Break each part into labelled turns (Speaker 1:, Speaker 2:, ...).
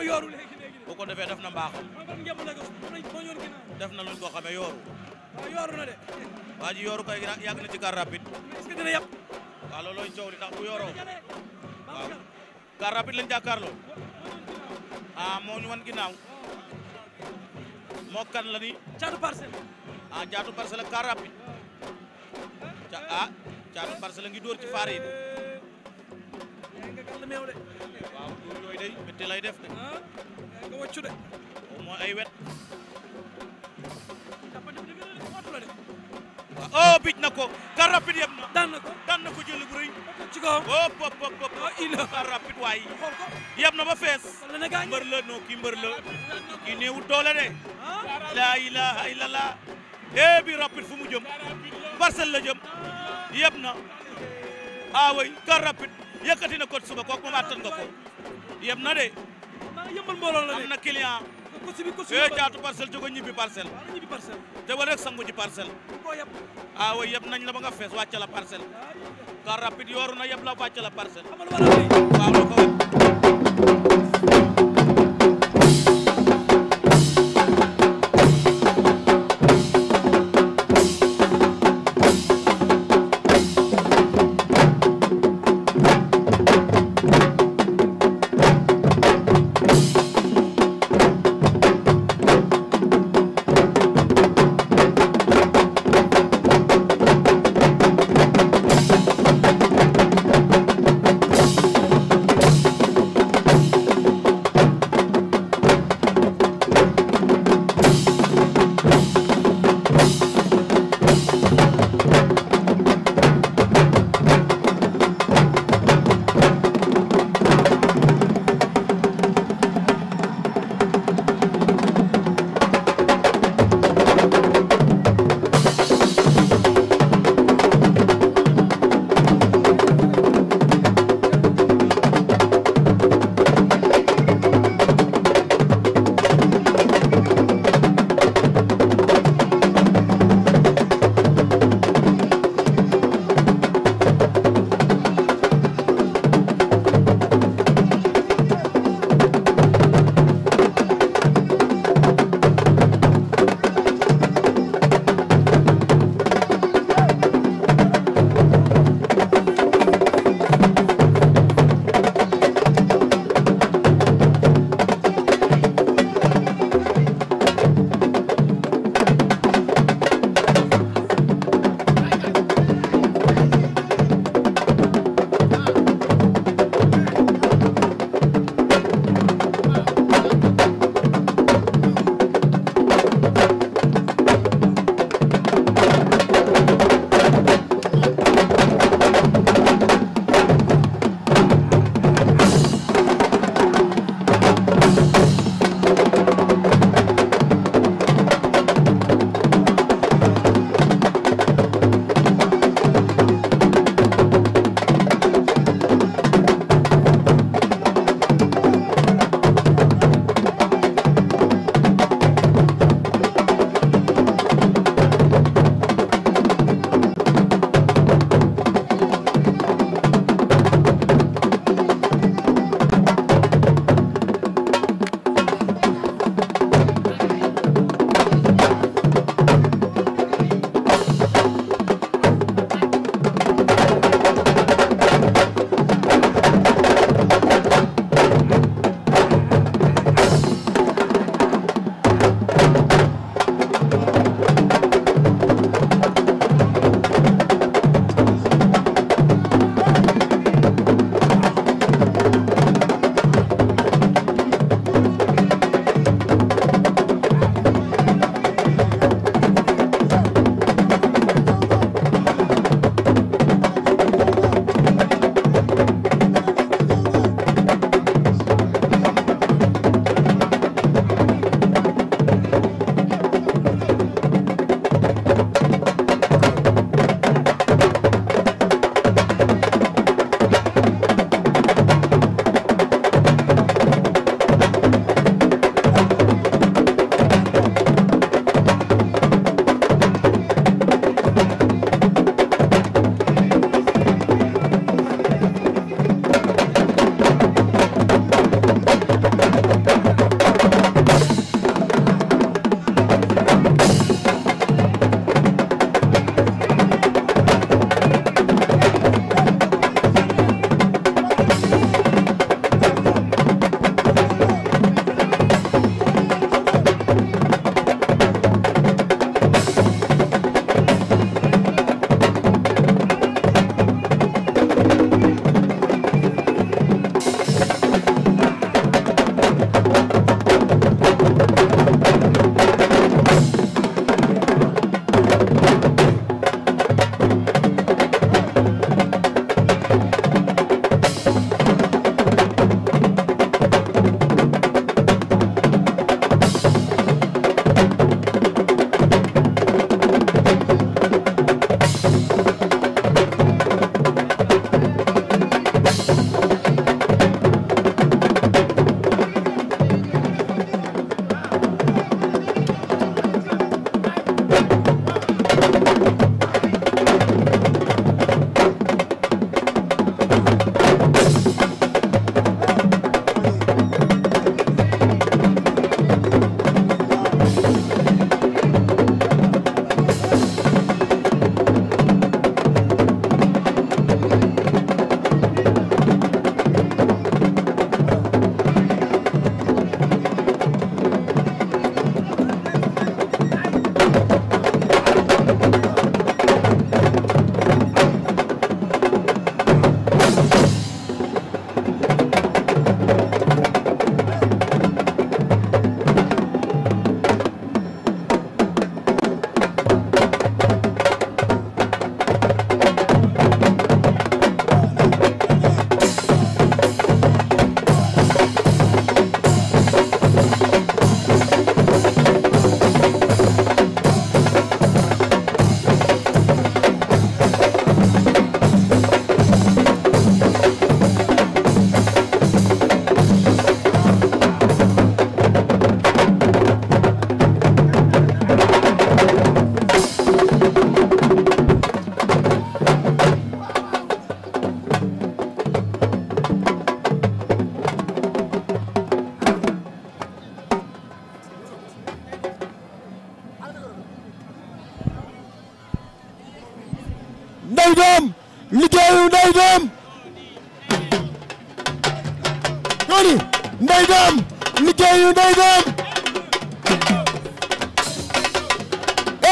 Speaker 1: dafa yooru léegi léegi bu ko defee def na mbaaxam def na luñ ko xamee yooru waaw yooru de waa ji yooru kay yàgg na ci car rapide est-ce que dina yàpp waaw loolooy coow li ndax bu yooroo waaw car rapide lañ jàkkaarloo ah moo ñu wan ginnaaw moo kan la ni caatu parcelle ah caatu parcelle car rapide ah caatu parcelle ngi dóor ci faar yi gàll meew de. waaw duur yooyu day métti lay def de. ah nga wàccu de. mooy oh, bic na ko car rapide yem na. daan na ko daan na ko jëli bu rëy. ci kawam oh pop pop pop. il a car rapide waaye. yem na ba fees. mbër la kii mbër la. kii néewut doole de. Ah? laa ilaaha illallah. eh bi fu mu jëm. parcelle la jëm. Ah. yem na. ah way car yëkkati na coach ba kooku moom nga ko yem na de. yëmbal mbooloo la am na client. coach bi coach bi jaatu parcelle jóge ñibbi parcelle. ñibbi parcelle. te ba rek sangu ji parcelle. Ah way yeb nañ la ba nga fees wàcc la parcelle. car rapide yooru na yeb la wàcc la parcelle. waaw la ko wet.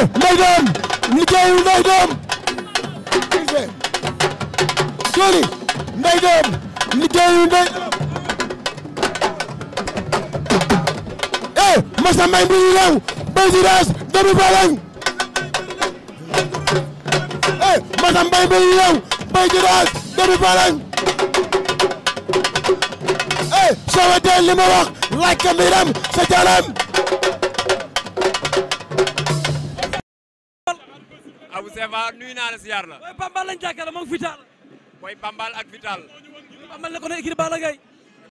Speaker 1: nday doom liggéeyul nday doom sori nday doom liggéeyul nday eh masa may mbi rew présidence demi balañ eh masa may mbi rew présidence demi balañ eh soo wetee li ma wax laaj ka mbiram sa jalam Seva nuyu naa la ziar la. booy Pambal lañ jàkkaarloo moom Vital. booy Pambal ak Vital. Pambal ne ko ne équipe Balla Gaye